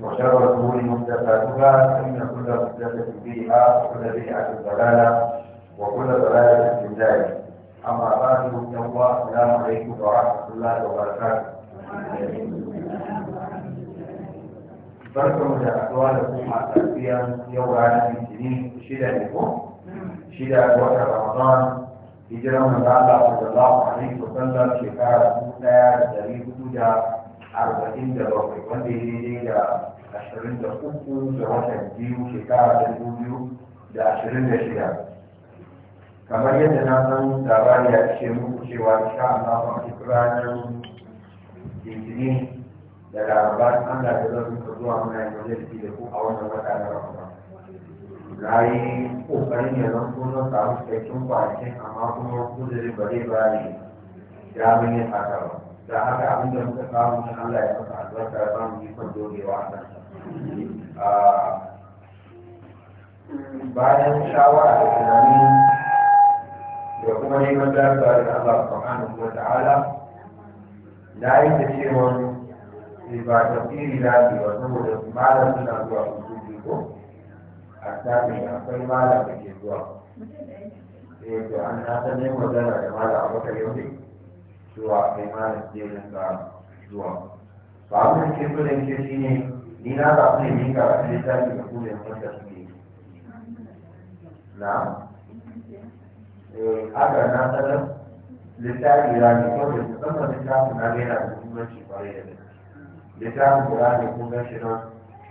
وشر الأمور محدثاتها فإن كل محدثة بدعة وكل بدعة ضلالة وكل ضلالة في النار أما بعد الله السلام عليكم ورحمة الله وبركاته. barkanmu da haɗuwa da kuma tafiya yau ranar litinin shida ne ko shida ga wata ramadan hijiran manzo Allah sallallahu alaihi wa sallam shekara dubu ɗaya da ɗari hudu da arba'in da bakwai wanda ya daidai da ashirin da uku da watan biyu shekara da biyu da ashirin da shida kamar yadda na san labari ya ce muku cewa sha Allah kuma duk ranar litinin da laraba an da da zan zuwa muna yin wajen da ku a wannan wata na ramadan na yi kokarin ya zan so samu tun kwanakin amma kuma kudurin ba zai ba ni damin yin haka ba da haka abin da muka samu shi Allah ya saka albarka ya samu ikon dogewa a kan ah, bayan shawara da tunani da kuma neman dacewa da Allah subhanahu wa ta'ala na yi da cewa ba tafsiri na ne ba saboda malam suna zuwa kusurci ko a tafi akwai malam da ke zuwa eh to an na san yin magana da malam abokan yau ne zuwa kai malam zai rinka zuwa ba abin da ke so da ke shi ne ni na zaɓi ne ni karatu littafi da kuma yin wanda suke na eh, haka na sanar littafi ya ne kawai musamman littafin na yana da muhimmanci kwarai da gaske littafin da ya ne kun gan shi nan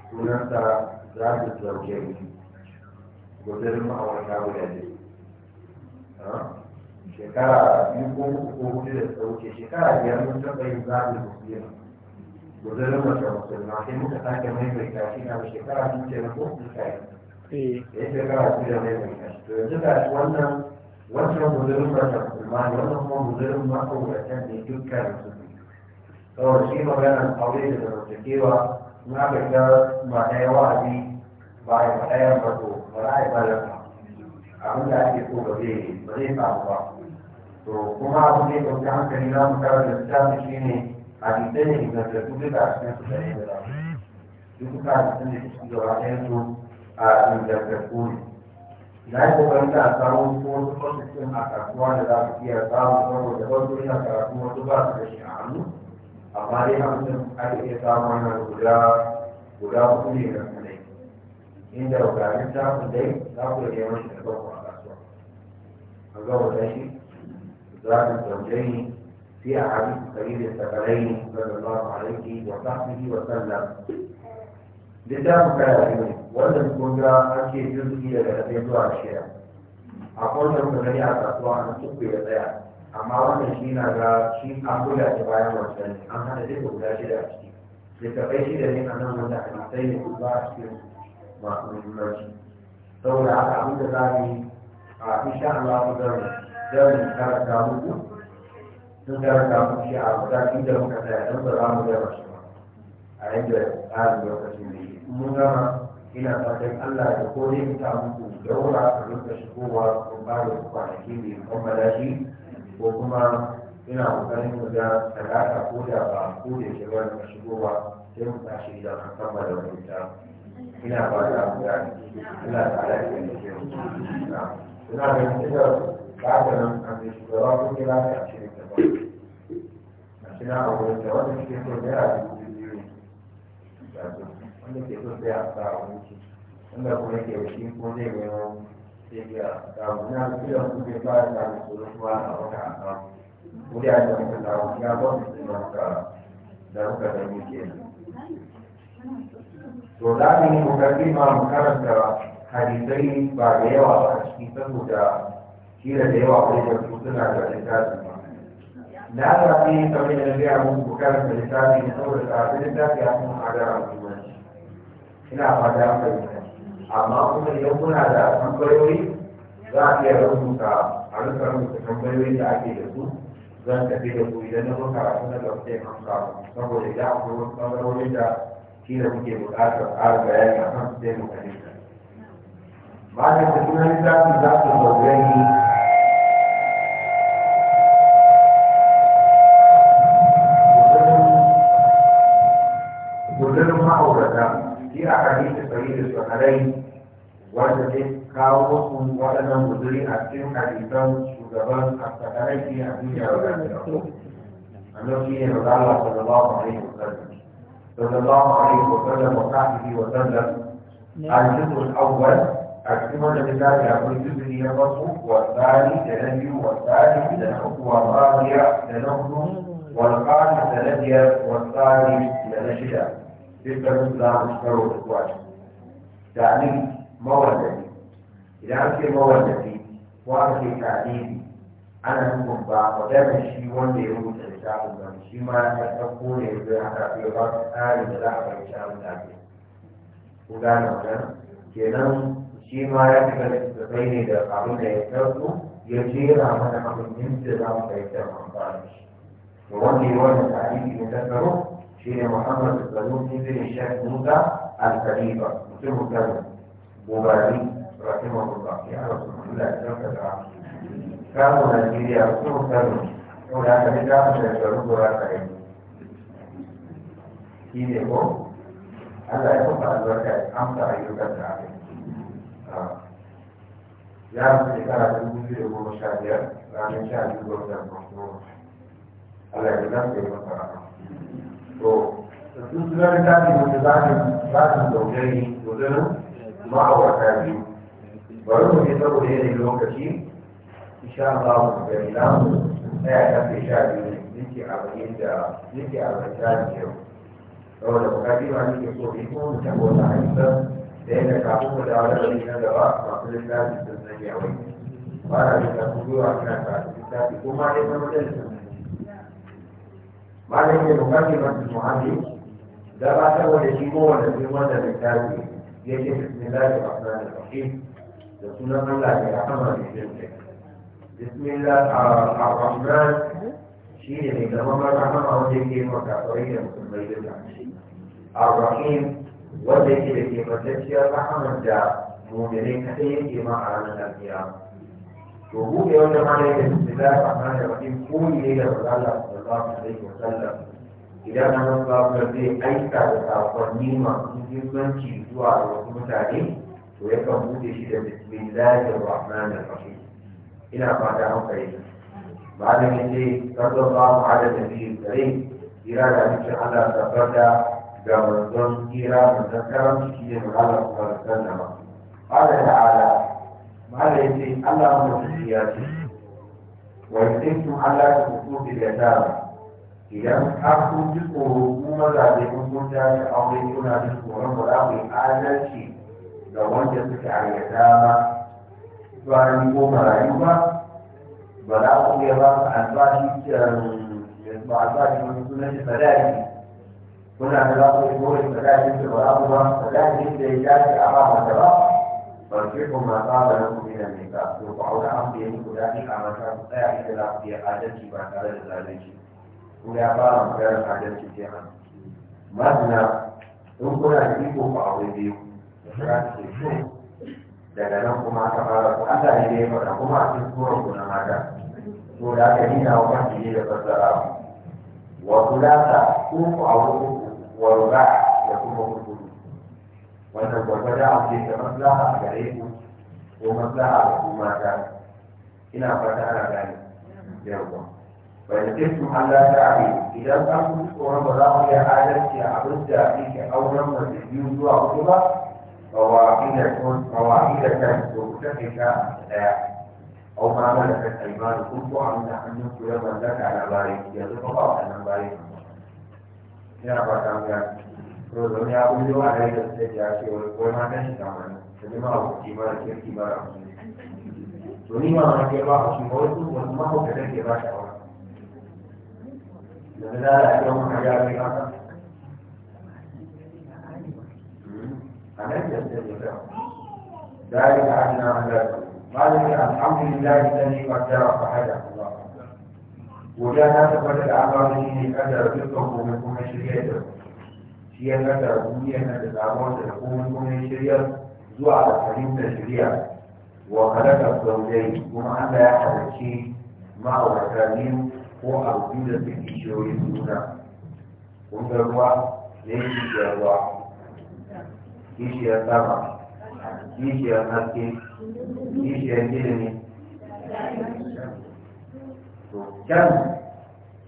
sunansa za su ɗauke mu gudurin ma'aurata guda biyu shekara biyu ko uku ko da sauke shekara biyar mun taɓa yin zaɓin rufiya gudunar que musulma sai muka sake maimaita shi na shekara biyu ke na ko kuka yi ya eh. yi shekara biyu da maimaita que to yanzu ga shi wannan que gudunar masa musulma ne wannan kuma gudunar masa wuratan ne dukkan su saboda shi maganar aure da zamantakewa na ka ga ba ɗaya wa'azi ba ya faɗa yan ba uma ba za a yi ba da abin da a so ba zai ba zai samu ba to kuma abu ne ɗauki hankali na mu kawo da littafi shi ne hadisai ne ingantattu duka a cikin su da yadda za mu duka hadisan da suke gaba ɗayan su a ingantattu ne na yi kokarin da a samu ko wasu kwasitin a kasuwa da za su iya samu saboda wasu yana karatu wasu ba su da shi a hannu amma dai hamsin ake iya samu wannan guda guda hudu ne ga kanai inda ga littafin dai za ku iya neman shi da farko a kasuwa زاد الزوجين في أحاديث سبيل الثقلين صلى الله عليه وصحبه وسلم littafin kayayyaki wanda kun ga ake jirgi daga ɗaya zuwa shida a kwanan ku gani a kasuwa an tuku ya tsaya amma wannan shi na ga shi an buga bayan wancan an hada dai guda shida a ciki littafai shida ne a nan wanda a sai ne a cikin masu muhimmanci saboda haka abin za mu yi a insha Allah ku zama don karanta muku sun karanta muku shi a matakin da muka tsaya don ba za mu gama shi ba a yadda tsarin lokacin da shi mun gama ina fatan Allah da ko ne ta muku daura a rinka shigowa kun ba da kwanaki mai kammala shi ko kuma ina kokarin mu da talata ko da ba ko da ke ba da shigowa sai mu tashi idan an kammala wani ta ina ba da mu da ina da alaƙa da ke ina da بعد أن أن الشجرات إلى عشرين عشان أول الجواب مش يكون ده بالديون wanda ke so sai a sa a wuce wanda kuma ke shi ko zai gano sai ga samu na kira su bai ba da su ruwa a wata asa wuri a da muka samu ya ba da muka da to mu yi kokari ma ba da yawa a ciki saboda kila da yawa kai da su suna da littafi ma da aka fi kamar da biya mun bukatar da littafi na saboda tsarafin littafi ya mun hadara a muhimmanci ina fata an fahimta amma kuma idan kuna da tambayoyi za a iya rubuta a rika rubuta tambayoyi da ake da su zan tafi da ku idan na zo karatu na gaba sai amsa saboda idan akwai wasu ɓangarorin da kila muke buƙatar ƙarin bayani a kan sai mu fahimta. Bayan da sunan littafin za su zo gani ورده في احاديث صحيح الصحيحين وذلك كاو كون وانا مدري اكثر حديثا شغبان افتكر في ابي انه الله صلى الله عليه وسلم صلى الله عليه وسلم وصحبه وسلم الجزء الاول اقسم لك يا ابو الجزء اللي والثاني تنبي والثالث تنحق والرابع تنحق والقاعدة تنبي والثالث تنشئ dukkanin su za su karo da zuwa shi ta'alimi mawallafi idan ake mawallafi ko aka ce ta'alimi ana nufin ba magana shi wanda ya rubuta littafin ba shi ma ya ɗauko ne zai haka ya ba su tsari da za a fahimci abin da ake ku gane wannan kenan shi ma ya shiga littattafai ne da abin da ya ɗauko ya jera mana abin da za mu fahimci amfani shi. Wanda ya wannan ta'alimi ne ta tsaro سيدي محمد الزنوني في الشيخ موسى الخليفة مسلم الكلمة مبادئ رحمه الله كان يا رسول آه. الله صلى الله عليه وسلم كانوا نجيبي يا رسول الكلمة هناك من كانوا يشعرون كان عيني سيدي هو ألا يكون بعد ذلك أمسى أيوك الزعابي يا رسول الله صلى الله عليه وسلم مشاهدية رامي شاهدية الله يجب أن يكون بعد ذلك أمسى أيوك الزعابي to su zai ta ne wanda za su za su dogari dogarin ma'aurata biyu bari mu je saboda yanayin lokaci insha Allah mu gani na tsaya ta fi sha biyu nake arba'in da nake arba'in da biyar saboda nake so ne ko mu tabo ta hanyar da yadda kafin mu dawo da wani na gaba masu littafi sun sanya wai ba da ma malam ya bukati masu muhammi gabatarwa da shi kowane sai wanda mai tafi ya ce bismillahir rahmanir rahim da sunan Allah da rahama da jin kai bismillah ar-rahman shi ne mai zama rahama wanda yake yin kafare da musulmai duka ar-rahim wanda yake da ke matacciyar rahama da mu'minai kadai yake ma a ranar alkiyama شعوب يوم جمعنا إلى الاستفاء الرحمن الرحيم كون إلى رسالة صلى الله عليه وسلم إذا كان الله بردي أي كذا تعطر نيمة نجيب من تيجوا على وقت متعلم ويقوم بودي شيء بسم الله الرحمن الرحيم إلى ما دعوا فيه بعد أن يجي رضا الله على النبي الكريم إذا لم يكن على سفرة جامعة إذا لم يكن على سفرة جامعة قال تعالى mala yace Allah madaukaki ya ce wa yaktu Allah ta kuku bil yatama idan har kun ji tsoro ku mazaje kun kun ta ta aure kuna da tsoron ba za ku yi adalci ga wanda suke a yatama bayan ko marayu ba ba za ku iya ba su albashi ba albashi wani sunan shi sadaki kuna da za ku yi kore sadakin da ba za ku ba sadakin da ya dace a ba mata ba فانكحوا ما طاب لكم من النكاح يقعون أقدم ذلك عما كان لا إلا في عادتي ما كان لذلك ولا فارم كان عادتي جمعا مثنى in kuna da iko ku aure biyu za su ce daga nan kuma ta fara ku Allah ne ya faɗa kuma a cikin tsoron ku na da aka wa kan da fassara wa ku wanda gwargwada ce da maslaha a gare ku ko maslaha ga ku mata ina fata ana gane yawwa bai da su Allah ta abi idan an ku tsoron ba za ku iya adalci a abin da yake auren mace biyu zuwa hudu ba mawaƙi da kan to ku take ka daya au ma mana kan aimanu kun ko an da hannun ku ya mallaka na bayi yanzu ba ba wannan bayi ina fata mu ya to zaune ya kuma zuwa da yadda suke ya ce wani ko na kan shi da wani ta ji ma hukunci ba da kirki ba da hukunci to ni ma wani ke ba a shi ba wasu wasu mahaukatan ke ba shi a wani da za a yi wani ya ne haka a nan da suke da ذلك أن ذلك ذلك الحمد لله الذي قدر فهدى الله وجاء تقدر أعماله قدر رزقه من كل شيء shi ya nada duniya na da samuwar da kuma kuma shirya zuwa ga fahimtar shirya wa halaka zaujai kuma Allah ya halarci ma'aurata biyu ko abu da su kishiyoyi juna kun ga ruwa ne kishiyar ruwa kishiyar sama kishiyar haske kishiyar ilimi to can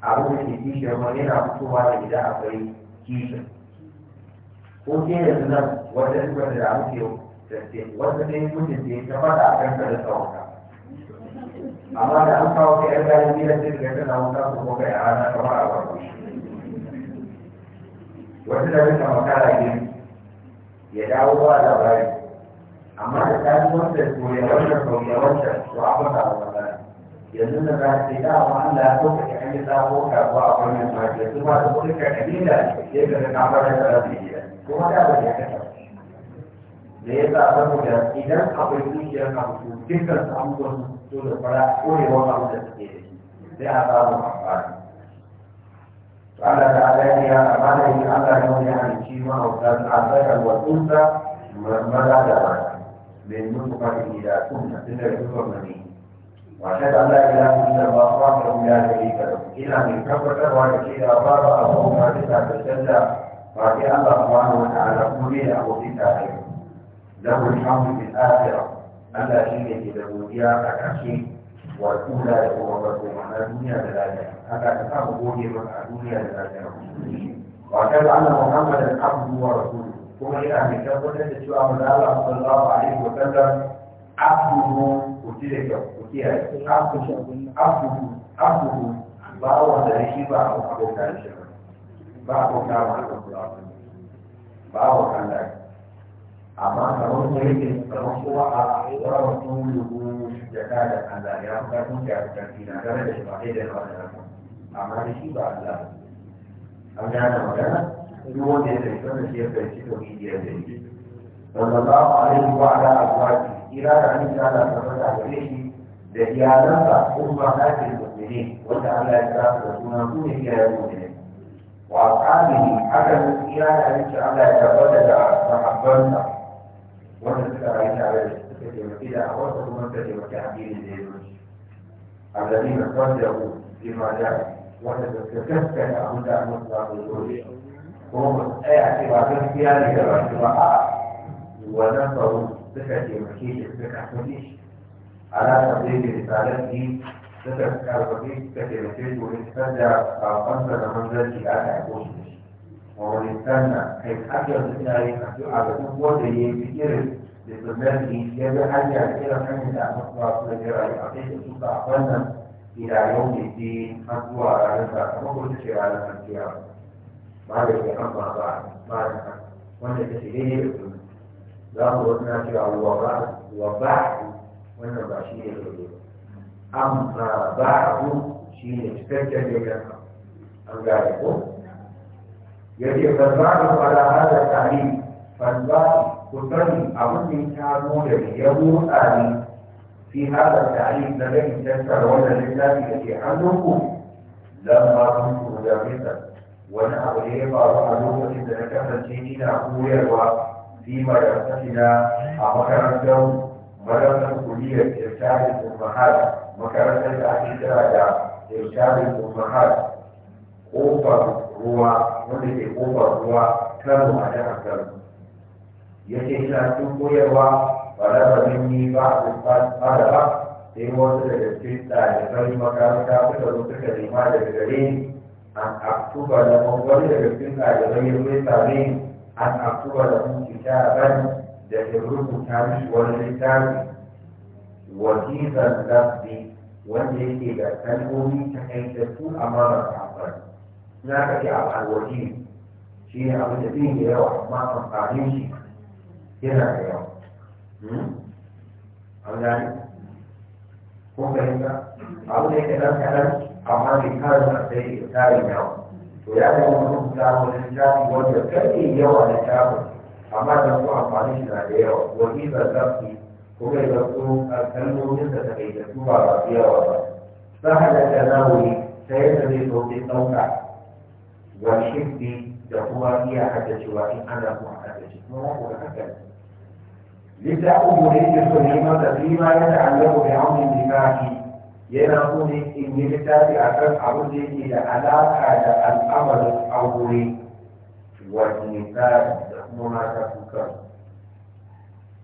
abu da ke kishiyar ruwa yana fitowa da gida akwai kishiyar ko ke yanzu nan wanda suka da damu ke wanda ta yi mutum ce ta fada a kan kada tsawonka amma da an kawo ka yan bayan biyar sai ka tana wuta ko kuma kai a rana kamar a wani wata da rika makara ne ya dawo ba labari amma da ta yi wanda ko ya wanda ko ya wanda to a fata a wani yanzu da za ta yi dama Allah ya sauka ka an yi sabo ka ba a wani ma yanzu ba da kuka kalila sai ka ga kamar da ta rafi kuma da ba ya kasa da ya sa saboda idan akwai zuciyar abu dukkan su abubuwan su da fara korewar abu da suke da shi sai a samu amfani to Allah ta ala ya amana yi Allah ya wani halici ma hausa ta asaka wa tsunta maza da mata mai mutu fadi da tsunta tun da zuwa mani وأشهد أن لا إله إلا الله وحده لا شريك له إلا من كفر وعلى كذا وباب أبوه ما تسعة وكأن الله سبحانه وتعالى كل له في الآخرة له الحمد في الآخرة ألا شيء له يا أكاشي والأولى له وبركم على الدنيا للآخرة هذا كتاب بني وكأن الدنيا للآخرة وكان محمدا عبده ورسوله kuma إلى أهل tabbatar da cewa manzala الله alaihi wa sallam abduhu ku ji عبده عبده ku عبده abduhu abduhu abduhu ba wanda shi ba babu kama babu kallon amma kamar kuma yake kamar kowa a wawar tulubu da ta da Allah ya da karfin da ya fi na gane da shi ba sai da yawa da rafa amma da shi ba Allah an gane magana duk wanda ya zai da shi ya kai shi da shi sallallahu alaihi wa ala azwaji ira da an ta da tabbata gare shi da iyalansa ta ke mu'minin wanda Allah ya kira da sunan su ne iyayen mu'minin وأصحابه حكموا فيها أن على تبادل محبتها ونسأل عليك على الاستقامة إلى أوسط منتج وتعديل الإيمان الذين صدقوا بما جاء وتتكفل عن دعم الصالحون هم اعتبار فيها لتبادل ونصروا بفة مكيش بفة على تطبيق رسالته تتذكر وكيف تتذكر وإن استدعى أنزل منزل شكاة أكوشنش ومن استنى حيث أكثر من أي أكثر على قوة يفكر بالناس يجب ان إلى حمد أمصر لجرى أقيد أسوط أحوانا إلى يوم الدين أدوى على نفسه وكل شيء على نفسه بعد الأمر بعد بعد وأنا تسيري لا هو أثناء شراء وبعد وبعد وأنا بعشير أما آه، بعد شيء يحتاج يجب أن يتفرعوا على هذا التعليم فالباقي كثرني أظن كانوا يبور آلي في هذا التعليم الذي ولا لله التي عندكم لما كنت مدرسا وانا ابريم اروح اذا كانت جيني اقول في مدرستنا امكان الدوم مدرسه كليه ارشاد الامهات makarantar da ake kira da irshadin ummahat kofar ruwa wanda ke kofar ruwa kano a jihar kano ya ce ina cikin koyarwa ba da ba yi ba a fara ba sai wasu daga cikin ɗalibai makaranta suka zo suka nema daga gare ni an aktuba da wani daga cikin ɗalibai ya zo ya same an aktuba da mun kitaban da ya rubuta mishi wani littafi wakilan lafi wanda yake da kalmomi ta kaitattu amma ba ta amfani na ka a abu alwaji shi ne abu da zai da yawa amma amfanin shi yana da yawa hmm? an gani ko fahimta abu da yake dan kaɗan amma mai karin a sai da tarin yawa to ya zama mutum samun shafi wanda kai yawa da shafi amma da su amfanin shi na da yawa wani zarzafi kuma ya su kalmomin da take da su ba ba yawa ba sahalaka nawawi sai ya zai sauke sauka wa shibbi da kuma iya haddacewa in ana kuma haddace kuma ko haka لتعود مريد سليمة فيما يتعلق بعون النكاح ينقل إن يلتاب أكثر عبد إلى علاقة الأمر الأولي والنكاح ما تفكر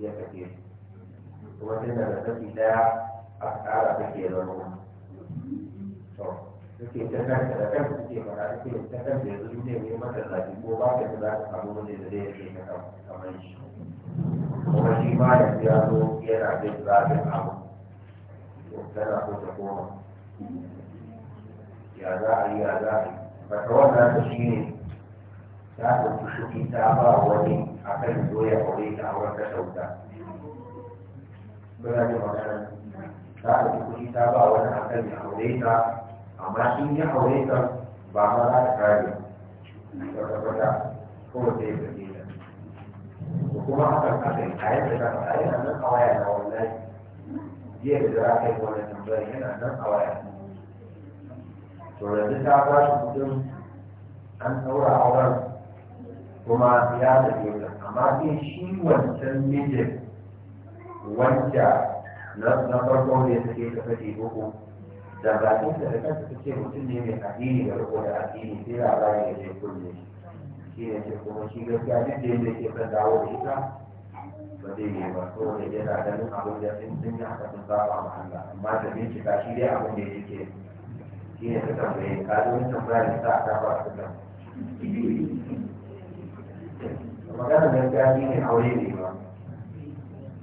ya kake wata daga kashi daya a kara kake zama to suke ta kanta da kanta suke fara suke ta kanta yanzu su ne mai mata zafi ko ba ka za ka samu wani da zai yake ka kamar shi kuma shi ma yanzu ya zo yana jin zafin abu tana so ta koma ya za a yi ya za a yi ba ta wannan da shi ne ta ɗauki shuki ta ba wani a ah, kan zo ya aure ka a wata shauta kuna ji magana za a ji ta ba wani a kan ya aure ta amma in ya aure ba ma ta kare kwata-kwata ko da ya ta kuma hakan hakan a yadda ta faɗa yana nan a waya jiya da yana nan a to yanzu ta an ɗaura auren kuma ya da yau amma in shi wancan mijin wanda na farko ne suke ta fashe boko da bakin da kan su ce mutum ne mai addini da riko da addini sai a ba ya ce kulle shi ne ce kuma shi gaskiya duk da yadda ke kan dawo da ita ba zai yi ba ko da yana ganin abin da sun sun yi haka sun saba ma Allah amma da bincika shi dai abin da yake shi ne ta tambaye ka zo tambayar sa ta ba su kan magana gangani ne aure ne ba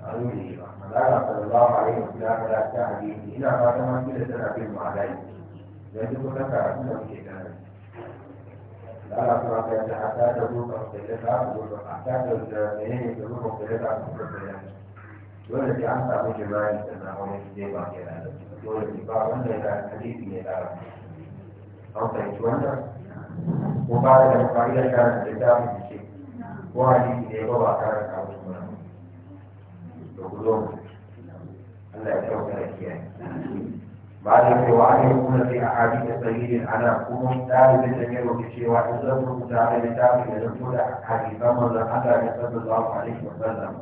aure ne ba magana sallallahu alaihi wa sallam da ta hadisi ina fata ma kila tana bin ma'alai dan duk wannan karatu da muke kana Allah kuma ka yadda a tada rukan kwallata a tada da menene da rukan kwallata a kuma kwallata dole sai an samu jima'i sannan wani zai ba ke da dole ne ba wanda ya hadisi ne da an fahimci wannan ko ba da fa'ida kana da littafin ko hadisi ne ba ba da abu ba da ku zo Allah ya kyauta da kiyaye ba da cewa an yi kuma sai a hadi da sahihin ana kuma ɗalibin da ne roƙi cewa in zan rubuta da littafi da zan tura hadisan manzon Allah ne sallallahu alaihi wa sallam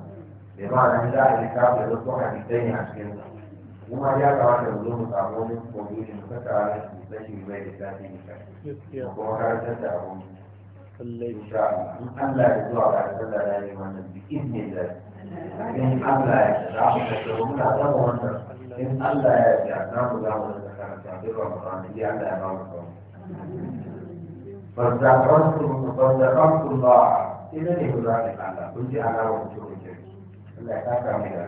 bai ba na da littafi da zan hadisai ne a cikin sa kuma ya kamata mu zo mu samu wani kogi ne mu kasa da shi mai littafi ne kuma karantar da abu lallai in sha Allah ya zuwa ga Allah ya yi wannan bikin ne da in Allah ya za mu ta so muna ta wannan in Allah ya ya za mu za mu ta karanta da Ramadan ya Allah ya ba mu so فذكرتم فذكرت الله إذا لهذا الله قلت أنا وأنتم الله تعالى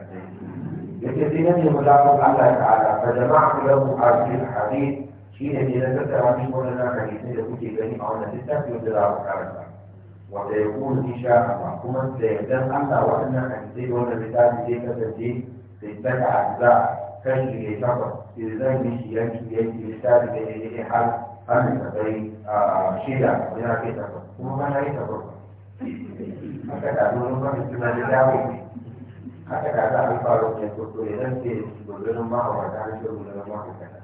يتدين الله تعالى فجمعت له هذه الحديث shi ne ne na tattara shi waɗannan hadisai da kuke gani a wannan littafi wanda za ku karanta wanda ya kuma insha Allah kuma da yardan Allah waɗannan hadisai da wannan littafi zai kasance da saka azza kan shi ne takwas sai zan yi shi yanki yanki littafi da ya yi har har da ka kai shida yana kai takwas kuma ba na yi takwas haka da domin ba su tunanin dawo haka da za a yi faru ne ko to idan ke gurgurin ba wa ta hanci gurgurin ba ka kada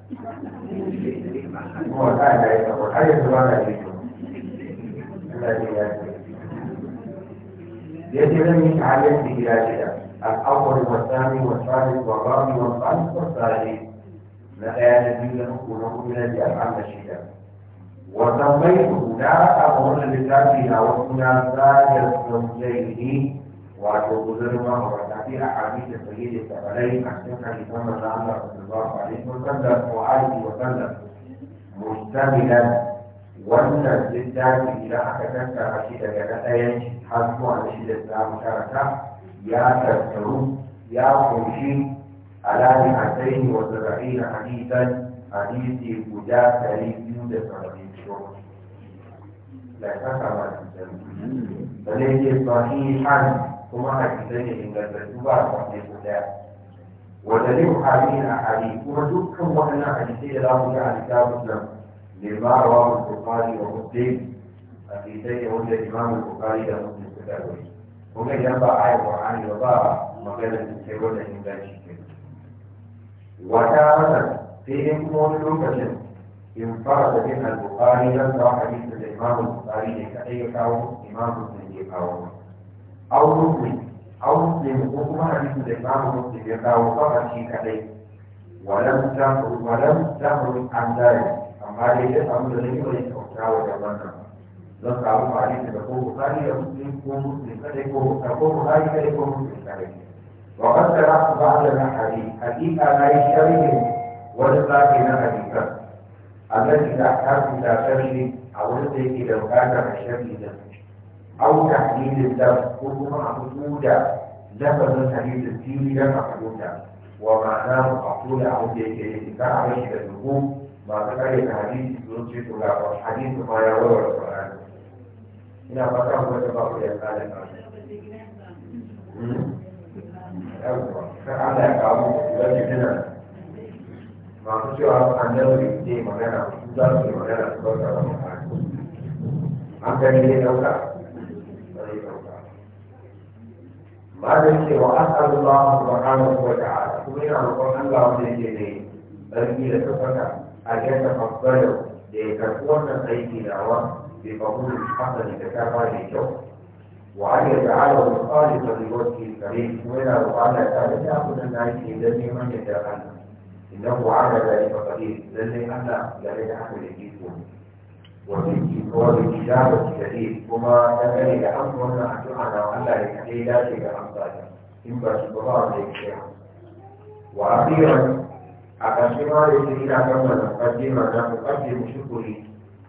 kuma ta da ya ko har yanzu ba ka ji to Allah ya ya ce ya ce zan yi ta'aliyar da gida gida al-awwal wa thani wa thalith wa rabi wa khamis wa sadis na daya na biyu na uku na hudu na biyar an da shida wa sammaitu da aka wannan littafi na wasu na zayar sunjaini wato guzurma wa كثيرة عديدة سيدة عليك حسنك لتم الله رضي الله عليه وسلم وعلي وسلم مجتملا وانا جدا في إلهك تنسى رشيدة كتا ينشي حزمه رشيدة السلام شركة يا تذكرون يا خوشي على مئتين وسبعين حديثا حديثي بجاة سليم يوجد صلى الله عليه وسلم لا تسمى الإنسان بل هي صحيحا kuma hadisai ne ingantattu ba a wanda ya daya ودليل هذه الاحاديث وجودكم وان حديثي لا مجال كتاب مسلم لما رواه البخاري ومسلم حديثي وجد الامام البخاري من كتابه ومن ينبع آية القرآن يضاع مقالة الكيوان إن كان شكل وتارة فيهم مولوكة انفرد بها البخاري لم حديث الإمام البخاري لكأي قوم إمام مسلم قوم أو مسلم أو مسلم وكما حديث الإمام مسلم يقال فقط شيء كذلك ولم تمر ولم تمر عن ذلك أما ليس أمر لم يرد أخرى وجبنا don samu mali daga ko bukari da muslim ko muslim kada ko bukari ko bukari kada ko muslim kada wa qaddara ba'da na hadi hakika na yi sharhi wani sashi na hadisa allati da akasu da sharhi a wurin da yake da bukatar sharhi da أو تحليل الدم كلها موجودة لفظ الحديث الديني لم محدودة ومعناه مقصود أو باتباع عليه الهجوم ما تقري الحديث ينشط له والحديث ما يروي القرآن هنا فتاه وتبقى إلى ذلك فعلى قاموا بوجهنا ما تشوى أن نوري دي مغانا ودرسي مغانا تبقى مغانا أنت ليه نورا بعد الشيء وأسأل الله سبحانه وتعالى كمين عن قرآن الله من الجنين بلكي لتفك أجل تفضله لتكون أيدي دعوة بقبول الحسن كتابة للجو وعلي تعالى خالصا لوجه الكريم كمين عن قرآن تعالى يأخذ الناس الذي من يتأخذ إنه على ذلك قدير لن أنا لا يتحمل الجيسون وفي صور الكتابة الجديد وما دمني لأمر وانا أجمعنا وألا يكفي لا شيء أمثاله إن بشبهار وأخيرا أقسم ليس إلى كما نقدم أنا أقدم شكري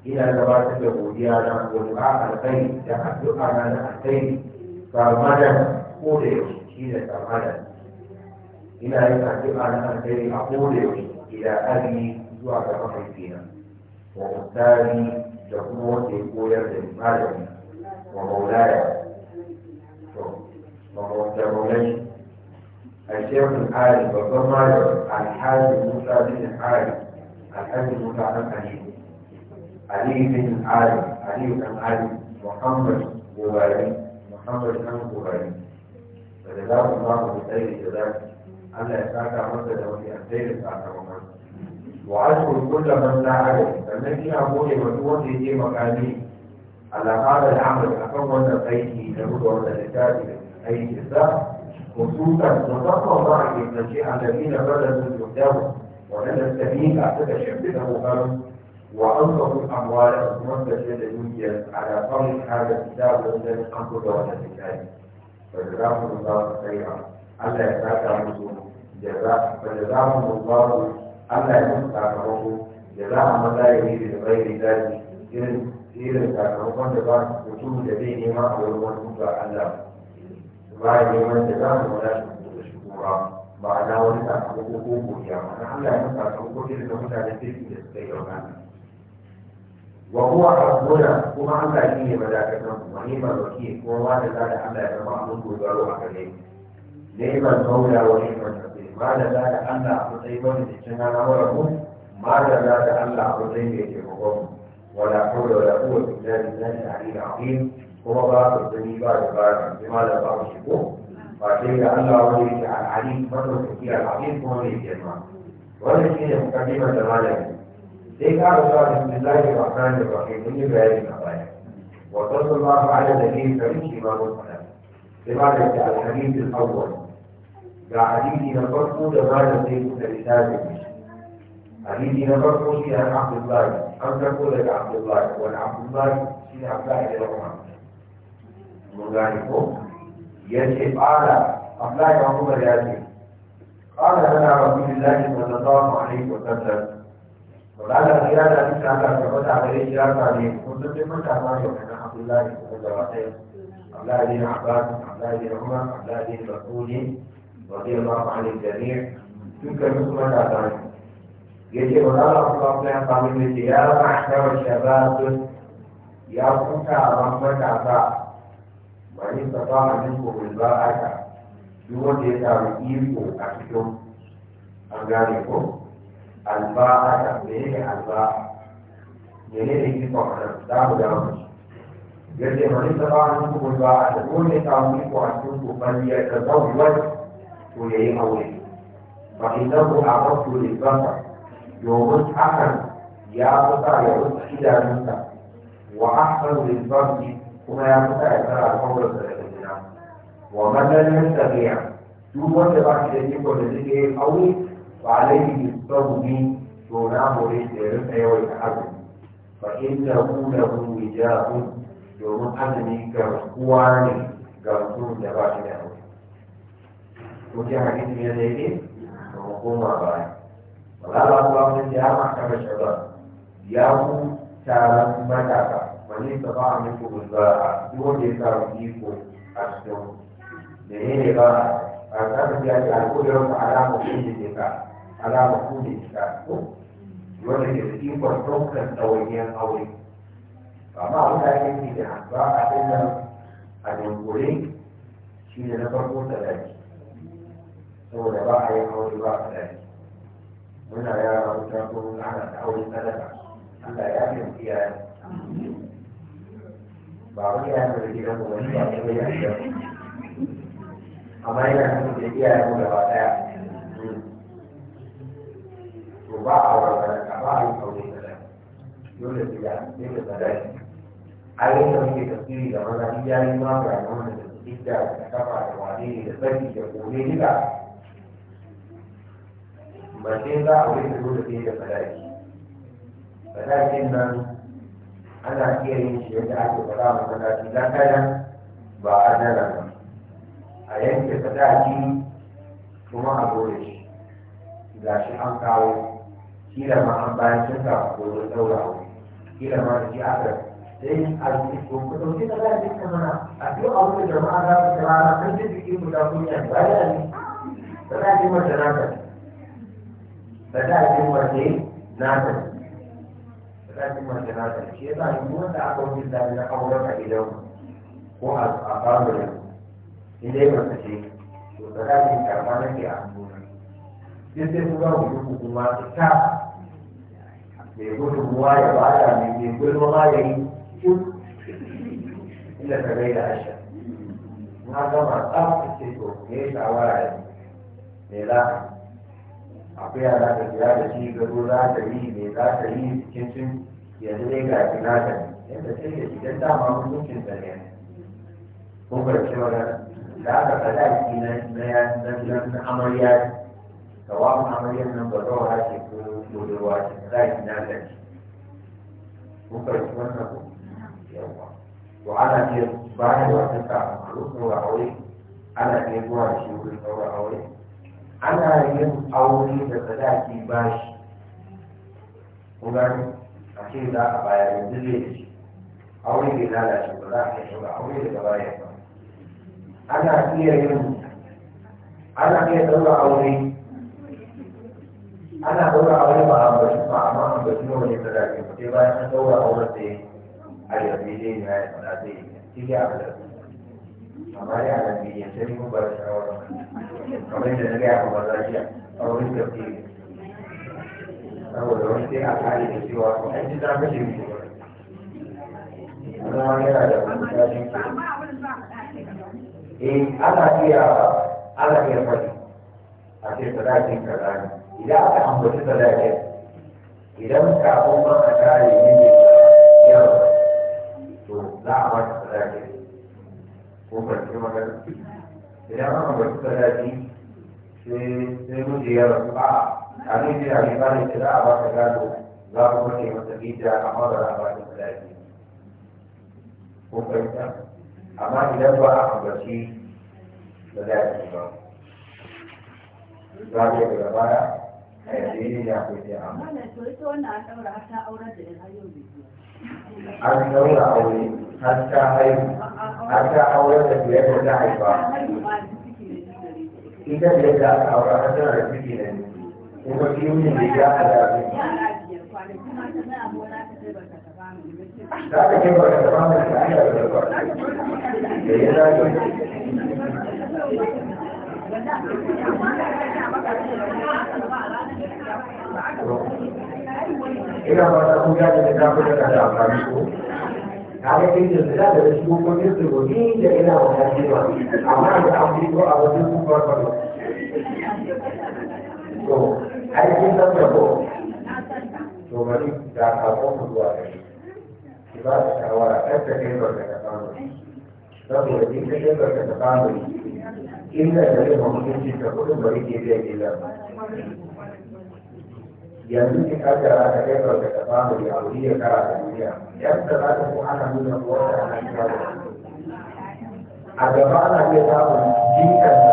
إلى نبات اليهوديانا ودعاء الخير عن الخير فمدى قولي شيء فمدى إلى أن عن الخير اقول إلى أبي زوال محيطنا وبالتالي تكون تقوية المعلم ومولاي ومولاي الشيخ الحالي بطل مالك الحاج موسى بن الحالي الحاج موسى بن علي علي بن الحالي علي بن علي محمد بوغاري محمد بن بوغاري فجزاكم الله بخير جزاكم الله يسعدك عمرك في الخير بعد وأذكر كل من لا عليه فمن فيها بوي وجوه في مكاني على هذا العمل أكون بيتي لمدة ثلاثة أي جزاء خصوصا وتقوى الله في المشيء الذين بلدوا جهده ولنا السبيل أعتقد شبهه هم وأنصفوا الأموال المنتجة الدنيا على طريق هذا الكتاب الذي قد قدر الزكاة فجزاهم الله خيرا ألا يفاتهم جزاء الله Allah ya musu sakamako da za a maza ya yi da bai da zafi irin irin sakamakon da ba mutum da zai nema a wurin wani mutu a Allah ba ya neman da za mu wada shi da shi kuma ba na wani sakamako ko godiya ba na Allah ya musu sakamako irin da mutane kirki da suka yi yauna wa huwa rabbuna kuma Allah shi ne madakatar mu wani ba wakil kuma wanda za da Allah ya zama abin dogaro a gare ni ne ban maula wa ne ban ma da za da Allah a matsayi wani da cin hana mara mu ma da za da Allah a matsayi mai taimakon mu wala kawai wala kuwa illa billahi al-ali al-azim kuma ba su zani ba da ba da jima da ba mu shigo ba sai da Allah wani yake al-ali madaukaki al-azim kuma mai girma wannan shi ne mukaddimar da malami sai ka rusa bismillahi ar-rahmani ar-rahim mun yi bayani a baya wa sallallahu ala nabiyyi karim shi ma mun faɗa sai ma da alhadith al-awwal ga hadisi na farko da malam zai kuka littafin shi hadisi na farko shi an abdullahi an karko daga abdullahi wani abdullahi shi ne abdullahi da rahman mun gane ko ya ce ƙara abdullahi ya kuma ya ce ƙara yana rasulullahi sallallahu alaihi wa sallam wadanda ya da shi ta ga gaba da gare shi ya same kun san dai matasa ne wannan abdullahi da gaba ɗaya abdullahi bin abbas abdullahi bin umar abdullahi bin rasulullah رضي الله عن الجميع يمكن حكمة ذلك يجب على أطلافنا قانون يا معشر الشباب يا فتى رحمة عطاء وإن استطاع منكم الباءة يقول يتعرفيكم أكتم أنغاركم الباءة من الباء menene ikon nan za mu dawo da shi yadda mani يقول ba ni kuma ba ويعي أولي فإنه أعرضت للبصر يغض أحد يا قطع يغض إلى موسى وأحسن للبصر كما يا قطع يترى القول الثلاثين ومثل يستطيع duk wanda ba shi da iko da suke yin aure ba laifi sau ne to na more shi da rinka yawaita azumi fa inda ku da ku domin azumi ga kowa ne ga mutum da ba shi da aure wajen hadisin ya daidai da hukuma baya wala ba ku ya mahkama shabab ya ku taron matasa wani ta ba a muku gulbara duk wanda ya samu iko a cikin da ne ne ba a tsarin ya ce alƙudurin ku alama kudi ne ka alama ne ke da ikon aure amma ba a ɗaukar a dunkule shi ne na farko saboda ba a yi aure ba a daji muna yara wata ko ana da aure sadaka Allah ya fi iyaye ba wani ya fi gidan mu wani ba ko ya fi amma yana nufin da iyaye mu gaba daya to ba a aure sadaka ba a yi aure sadaka dole su ya dole sadaka a yi da muke tafsiri da maza iyaye ma ga wannan da su da kafa da wane da sani da kome duka وبعدين بقى عاوزين نقول ايه ده فلاكي فلاكي ما انا هي مش عايز اقول لك انا في ده كده بعد انا عايز تفتح دي وما اقولش لا شيء عم تعوي كلا ما عم باين كنت عم تقول الدولة عوي كلا ما رجي أبدا ليش قال لي إيش بقول لك إذا بقى ليش كمان أبيو أول جماعة جماعة كنت بيجي بقول لك ولا لي فلا دي ما جنابك بدأت مرتين نازل بدأت مرتين نازل شيء ثاني مو تعبوا جدا من أولك إليهم وأقام لهم إليه مرتين وبدأت كرمانك يعبدون يصير مجرد يقول ما تكاب يقول هو يا بعد يقول والله يعين شوف إلا فبيل أشهر ما قام أصحى السيطور ليش أوائل ليه لا akwai yara da kira da shi gado za ta yi me za ta yi cikin yanzu dai ga kira da yadda sai da shi don dama hukuncin da ne ko barci magana da aka faɗa shi na na amarya tawafin amaryar nan ba zaura ce ko dodowa ce za ki na gaji ko barci wannan ko yawa to ana iya bayarwa ta kafin a rukun aure ana iya zuwa da shi wurin ɗaura aure ana yin aure da sadaki bashi kuma a ce za a bayar yanzu zai da shi aure bai lalace ba za a kai ba aure daga baya ba ana iya yin ana iya ɗaura aure ana ɗaura aure ba a bashi ba amma an bashi nawa ne sadaki ba sai bayan an ɗaura aure sai a yarda zai na ya faɗa zai yi shi ya faɗa amma ya nan biyan sai mun bar shawarar kamar yadda na gaya kamar lafiya a wurin tafsiri saboda wani sai a kare da cewa ko an ji zaka shi ne kuma yana da wani tsarin eh ana iya ana iya faɗi a ce sadakin ka ne idan aka ambaci sadakin idan kafin ma a kare ne ne yawa to za a ba ta sadakin ko ban ce magana idan aka bari daji sai miji ya rasu a abin da ya riba ne za a baka gado za ku mace masa gida amma ba za a baka daji ko fahimta amma idan ba a ambaci daji ba za ku daga baya a yanzu ne ya kuce amma. Wannan to ita wannan an ɗaura ta aurar da ya da ne. An ɗaura aure har ta haihu har ta aure da biyar da ta haifa ita biyar da aka aure har tana da ciki ne kuma biyu ne da ya haɗa za ka ke ba ka taɓa mai ta hanyar da ba da ya zaɓi ina ba ta kuka da ta fi da ta amfani ko kaga kai da da da shi ko ne su go ni da ina wannan shi ba amma da an ko a wajen ku ba ba to ai kin san da ko to bari da ka ko ku zuwa da shi ba da shawara kai da kai ba da ba saboda in ka kai ba da ba inda da ne ba mun ji ta ko bari ke da ke da yanzu ki kaddara ta kai ba ta ba mu da abu ya kara da duniya yadda za ta ko ana nuna ko wata ana kira da a gaba ana iya samun jinkan da ya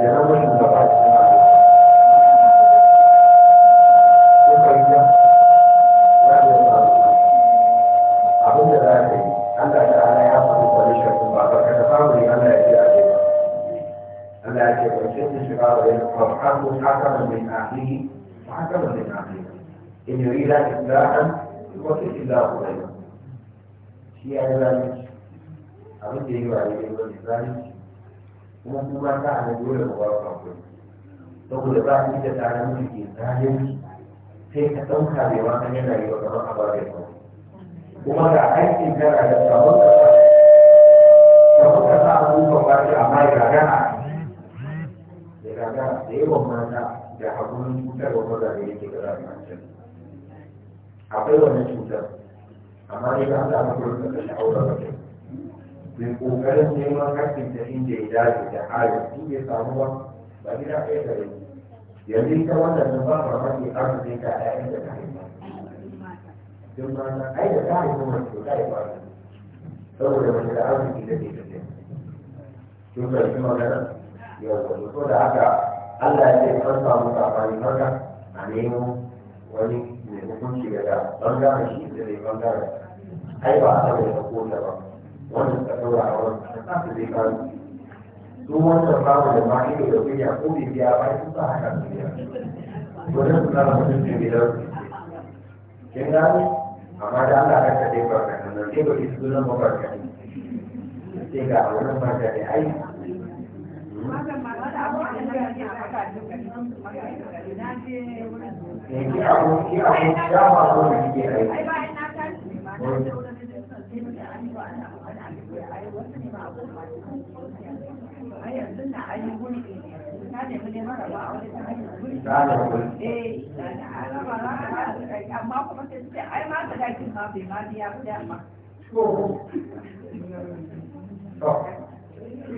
zama shugaba cikin abu ko fahimta za ta samu abin da za ta yi Allah ta ala ya faɗi kwalishin kuma ba ka ta samu ne Allah ya ce a ce Allah ya ce ba sai su shiga wa yin kwamfan ko sakamakon mai ahiri أحكم من عقيل إن يريد إصلاحا يوفق الله خيرا shi ya yi zalunci abin da yi wa ya wani zalunci kuma kuma ta a dole ba ka kuri saboda ba ni da tsarin da zalunci sai ka ɗauka da ma kan yana yi wa kamar a bare kuma ga aikin kana da sabon ka sabon ka sa abubuwan ba shi amma ya gagara ya gagara da yawan mata da abun cutarwa maza da yake da can akwai wani cutar amma ne ba ta mutu da kashe aure ba ce mai ƙoƙarin neman hakkin ta inda ya dace da halin su bai samu ba ba da ɗaya da rai yanzu ita wannan nan ba ma mafi arziki ka ɗayan da ta haifa don ba na ai da ta haifa wani cuta ya ba saboda wani da arziki da ke tafiya. da karfi magana yau da so da haka Allah ya ce kan samu safari haka a nemo wani mai hukunci daga bangaren shi da mai bangaren ai ba a saboda da ta ba wannan ka saura a wannan ka su zai kawo su wannan babu da ba ido da kuya ko biya ba su sa haka su biya wani su kama mutum su biya kin gane amma da Allah ka ta dai barka nan dai ba su nan ba barka sai ga wannan barka da ai Ki abu ki aiki. na tashi ne ma na ne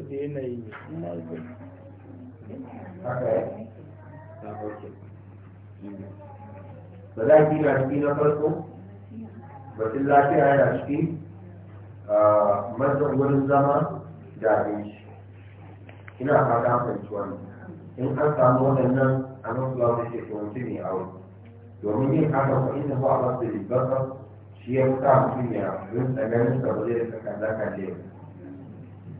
kawai da yanayi ne yi ba za na ciki na farko batun lafiya yana ciki mazan wurin zama da abinci ina fata fahimci wani in an samu waɗannan a nan da ke kwanci mai aure domin yin haka ko inda ba a wasu ribar shi ya fi sa mutum ya rinsa ganin sa ba zai rinsa kan zaka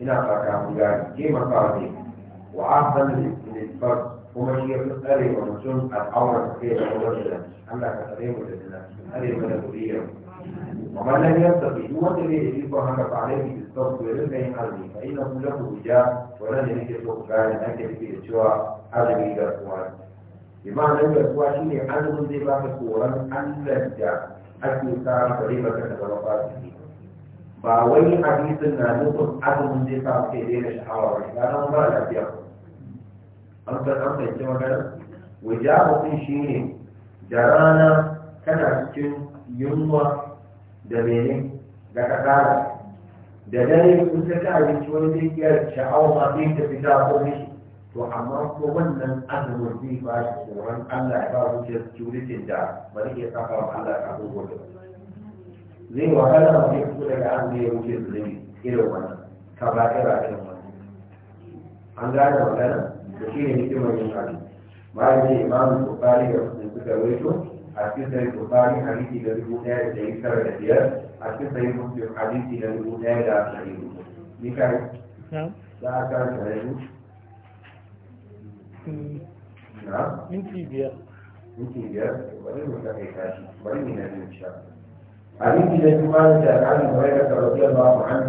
هناك عبدان كيما قاضي وعظم الاتفاق وما هي في القرية ومسون الحورة الكثيرة ومجدد أما كثيرين ولدنا هذه الملكوية لم يستطيع هو الذي يجب أن يقع عليه بالصدق ولكي يحرمي فإنه له وجاء ولن يجب أن يكون أنك في الإشواء هذا بيد أكوان بمعنى أن الاخوان هي عن منذ باب القرآن أن لا يجب حتى يكون قريبا ولكي يحرمي ba wai hadisin na nufin azumin zai sa kai daina sha'awa ba ya nan ba lafiya an san an fahimci magana wajahu din shine da rana kana cikin yunwa da mene da kasala da dare in ka ci abinci wani zai iya sha'awa ma zai ta fita ko mishi to amma ko wannan azumin zai ba shi tsoron Allah ya ba zuciyar curitin da ba zai iya saka wa Allah ya kafin gobe zai wahala a zai fito daga an zai wuce zunubi irin wani ka ba ira irin wani an gane magana da shi ne hikimar yin hali bayan ce imamu bukari da suka waito a cikin sai bukari hadisi da dubu ɗaya da ɗari tara da biyar a cikin sai muslim hadisi da dubu ɗaya da ɗari hudu ni kai za a kan da yanzu na minti biyar minti biyar bari mu kai kashi bari mu na biyu sha abinci da kuma da alƙalin mawaikar da rabu ba an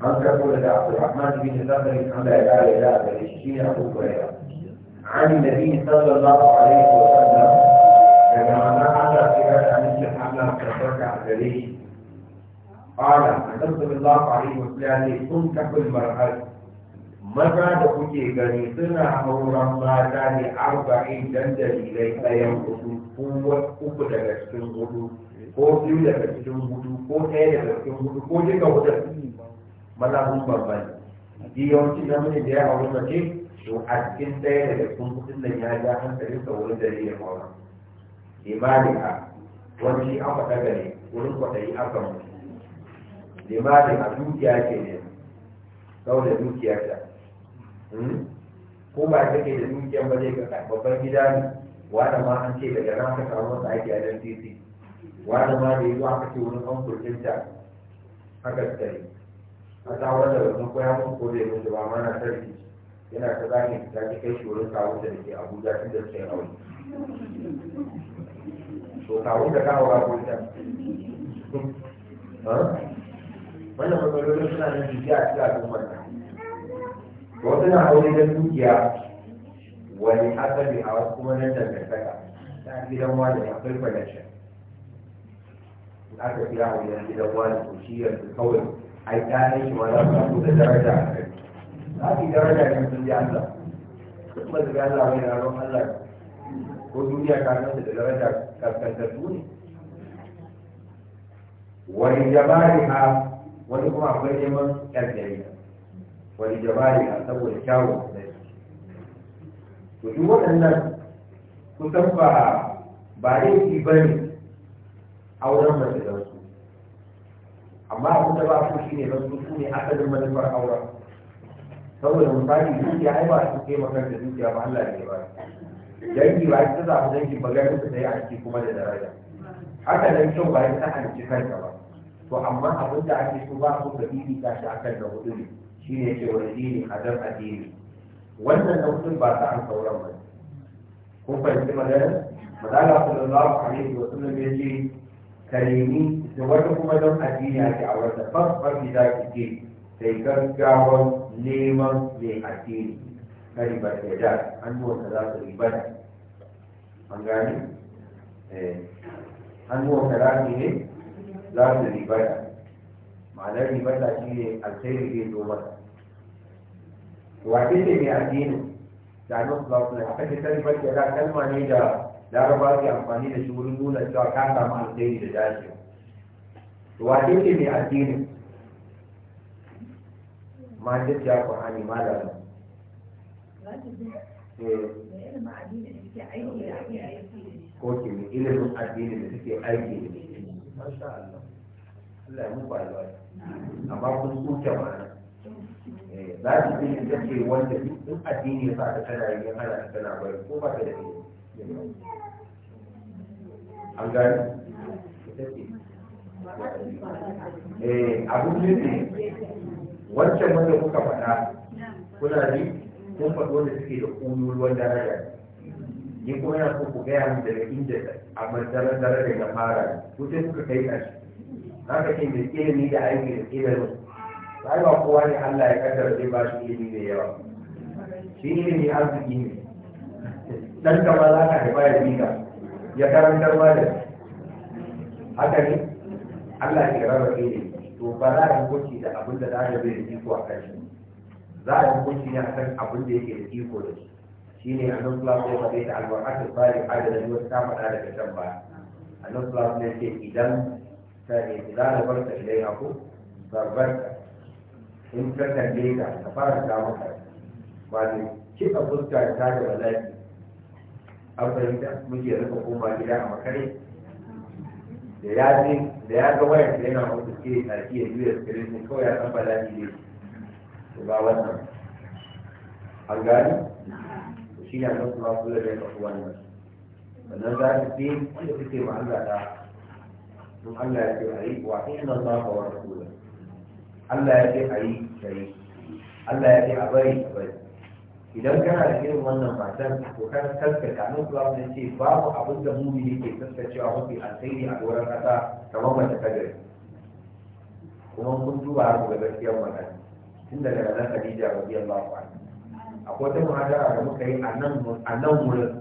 an karfo da abu rahman da bin zafari an da ga ya da ya shi ya ko kore yi da bin sabon ba a ware ko sanda daga mana an da ke ga an yi hannun karfar a gare shi ƙwada a tattalin ba a ware ko siya ne sun kafin marhal maza da kuke gani suna hauran mata ne arba'in dan dalilai ɗayan hudu kuma uku daga cikin hudu ko biyu daga cikin hudu ko ɗaya daga cikin hudu ko jika hudun maza sun bambani yawancin yawanci namiji da ya auri ce to a cikin ɗaya daga cikin hudun nan ya ja hankalin ka wurin dare ya mawa limalika wani an faɗa gare wurin kwaɗayi kan mutu limalika dukiya ke ne da dukiya ta hmm? ko ba ke da dukiyan ba zai ga babban gida ne da ma an ce daga nan ka samu wasu aiki a dan titi wani ma da yi aka ce wani kamfurkin ta haka tsari a tsawon da wasu koya mun ko zai mutu ba mana sarki yana ta zaki ta ji kai shi wurin kawo da ke abuja tun da suke aure to kawun da kawo ba ko ta wannan matsalolin suna nan jiki a cikin al'ummar ta wasu na aure da dukiya wani ne a wasu kuma nan dangantaka ta gidan wani akwai connection الأسف يعني أن الأبوال مشيئة بالقول حيثاني ولا تكون درجة هذه درجة من سلي الله ثم سلي الله من أروم الله ودنيا كانت درجة قد تنتظوني ولجبالها ولكم أخبر يمن كالجريد ولجبالها سوى الشاو وجوه أن كتبها بعيد بني auren mace da su amma abin da ba su shi ne su su ne asalin manufar auren saboda misali dukiya ai ba su ke makar da dukiya ba Allah ne ba dangi ba ita za ku dangi ba gari su sai a ciki kuma da daraja haka nan kyau ba ita a ciki kanta ba to amma abin da ake so ba su da bibi ta shi akan da hudu ne shi ne ce wani dini hadar addini wannan na hudun ba ta an sauran ba kun fahimci za Madala sallallahu alaihi wa sallam ya ce ka nemi da wata kuma don addini ake a wata babbar da za ki je sai gaggawar neman mai addini na ribar da da wata za su ribata an gani eh, wata za su ne za su ribata ma'anar ribata shi ne alkhairi zai zo masa wace ce mai addini da nan za su ne a kashe ta ribar da kalma ne da Da ba su amfani da shi wurin nuna cewa ka samu alkhairi da dace to wa ce mai addinin ma ce ya qur'ani ma da eh. ko ke mai ilimin addini da suke aiki da shi masha Allah Allah ya muku albarka amma kun tsuke ma'ana eh, za su ce ta ce wanda duk addini ya sa ta tana yi ya hana ta tana bari ko ba ta da ilimi an gani eh abin ne wancan wanda kuka faɗa kuna ji kun faɗi da suke da ƙululuwan daraja ni kuma yana so ku gaya min daga inda a matsalar daraja na fara ko sai kuka kai ka ƙarshe haka ce da ilimi da aiki da ilimin ba kowa ne Allah ya kaddara zai ba shi ilimi da yawa shi ilimi arziki ne dan ka ba za ka haifa ya miƙa, ya karantar ma da haka ne Allah ke rarrabe ne to ba za a yi hukunci da abin da za bai da iko a kan shi za a yi hukunci ne akan abin da yake da iko da shi Shi ne shine annabi sallallahu da wasallam ya alwaqatu salih adada ne ta faɗa daga can ba annabi sallallahu alaihi wasallam ya idan ta idan da barka ilai aku in ka kalle ka ka fara samun ka wato kifa fuska ta da lafiya. an fahimta muke rika koma gida a makare da ya ji da ya ga wayar da yana mutu ke a iya juya sikirin ne kawai ya san bala'i ne to ba wannan an gani shi ne nan kuma kula da ya kafu wannan sannan za su fi wanda suke ma Allah ta in Allah ya ce a yi wa za Allah wata rasulullah Allah ya ce a yi a yi Allah ya ce a bari a bari idan kana da irin wannan matan to kan taskata nan zuwa sun ce babu abin da mu ne ke taskacewa mafi alkhairi a doron kasa kamar mace ta gari kuma kun duba har ga gaskiyar wannan tun daga nan Khadija radiyallahu anha akwai wata muhadara da muka yi a nan wurin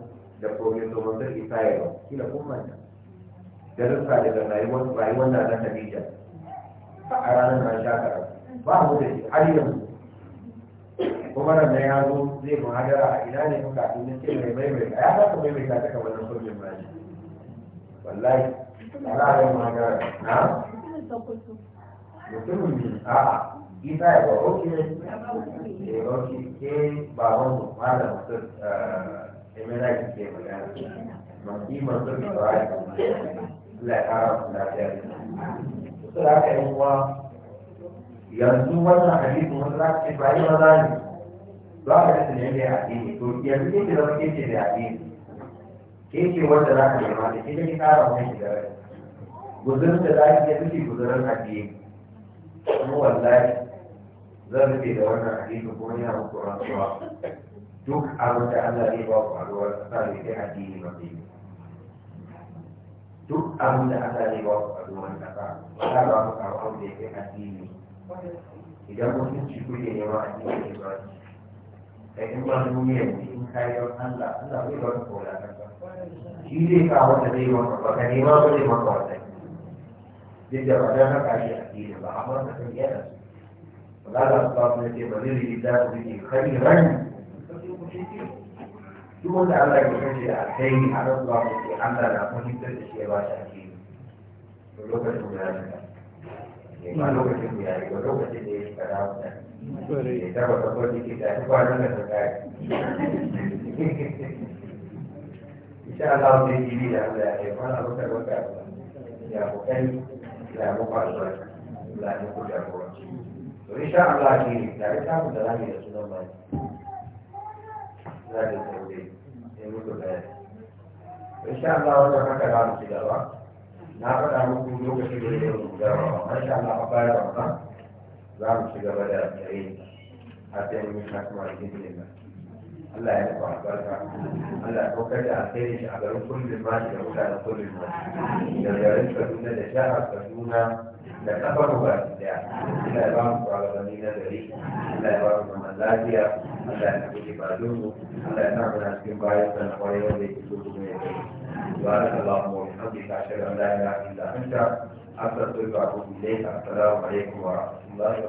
da professor Mansur Isaiah ba kila kun manta darussa daga rayuwar rayuwar da Khadija a ranar na shakara ba mu da shi har yanzu kuma da ya zo zai muhadara a ina ne kuka tun ne ce mai maimaita ya ba ka maimaita ta kamar na sojin baji wallahi ala ya muhadara na mutumin ne a isa ya ba oke ne ke oke ke baban mu malam mutum emira ke magana yi masu da ba ya kuma Allah ya kara mu lafiya su da aka yi yanzu wannan hadisin wanda za ka ce ba ne za ka da tunani a addini to yanzu kin da zama kince da addini ke wanda za ka nema da kin ki kara wani shiga rai guzurin da za ki yi suke guzurin addini kuma wallahi zan rufe da wannan addini kuma yana muku rantsuwa duk abin da Allah zai ba ku a ruwan sa ne sai addini ba mafi duk abin da Allah zai ba ku a ruwan kasa ta ba ku karo abin da ya kai addini idan mutunci kuke nema addini ne ba da duba duniyar in kayi don Allah Allah zai ga wani kola shi zai ka wanda zai yi wanda baka nema ba zai maka wanda duk da ba don haka shi a fili ba amma ka san yana su ba za ka ba mu ce ba zai yi da su ne kai ran duk wanda Allah ya kasance da alkhairi a nan ba mu ce Allah na fahimtar da shi ya ba shi a fili Ba lokacin da ya shiga ba lokacin da ya yi ba lokacin da ya shiga da mutane ya taba kabo jiki da ta kwanan da ta kai insha Allah zai yi bi da Allah ya kwana wata wata ya kokari ya muka zuwa la ne ku jagoranci to insha Allah ke da ta mu da rami da sunan mai za ta tsaye ne muku da insha Allah wata haka za mu ci gaba na faɗa muku lokacin da ya yi rubuta ba insha Allah a baya da wannan za mu ci gaba da tsaye a tsayin yi kasuwa da gini ba Allah ya nufa albarka Allah ya kokar da alkhairi shi a garin kullum ma da mutanen kullum ma da garin Kaduna da jihar Kaduna da kafar ba daya Allah ya ba mu shugabanni na gari Allah ya ba mu zaman lafiya Allah ya nufi ibadunmu Allah ya sa mu na cikin bayan sana kwarai wanda yake so kuma ya kai بارك اللهم وبحمدك اشهد ان لا اله الا انت استغفرك واتوب اليك السلام عليكم ورحمه الله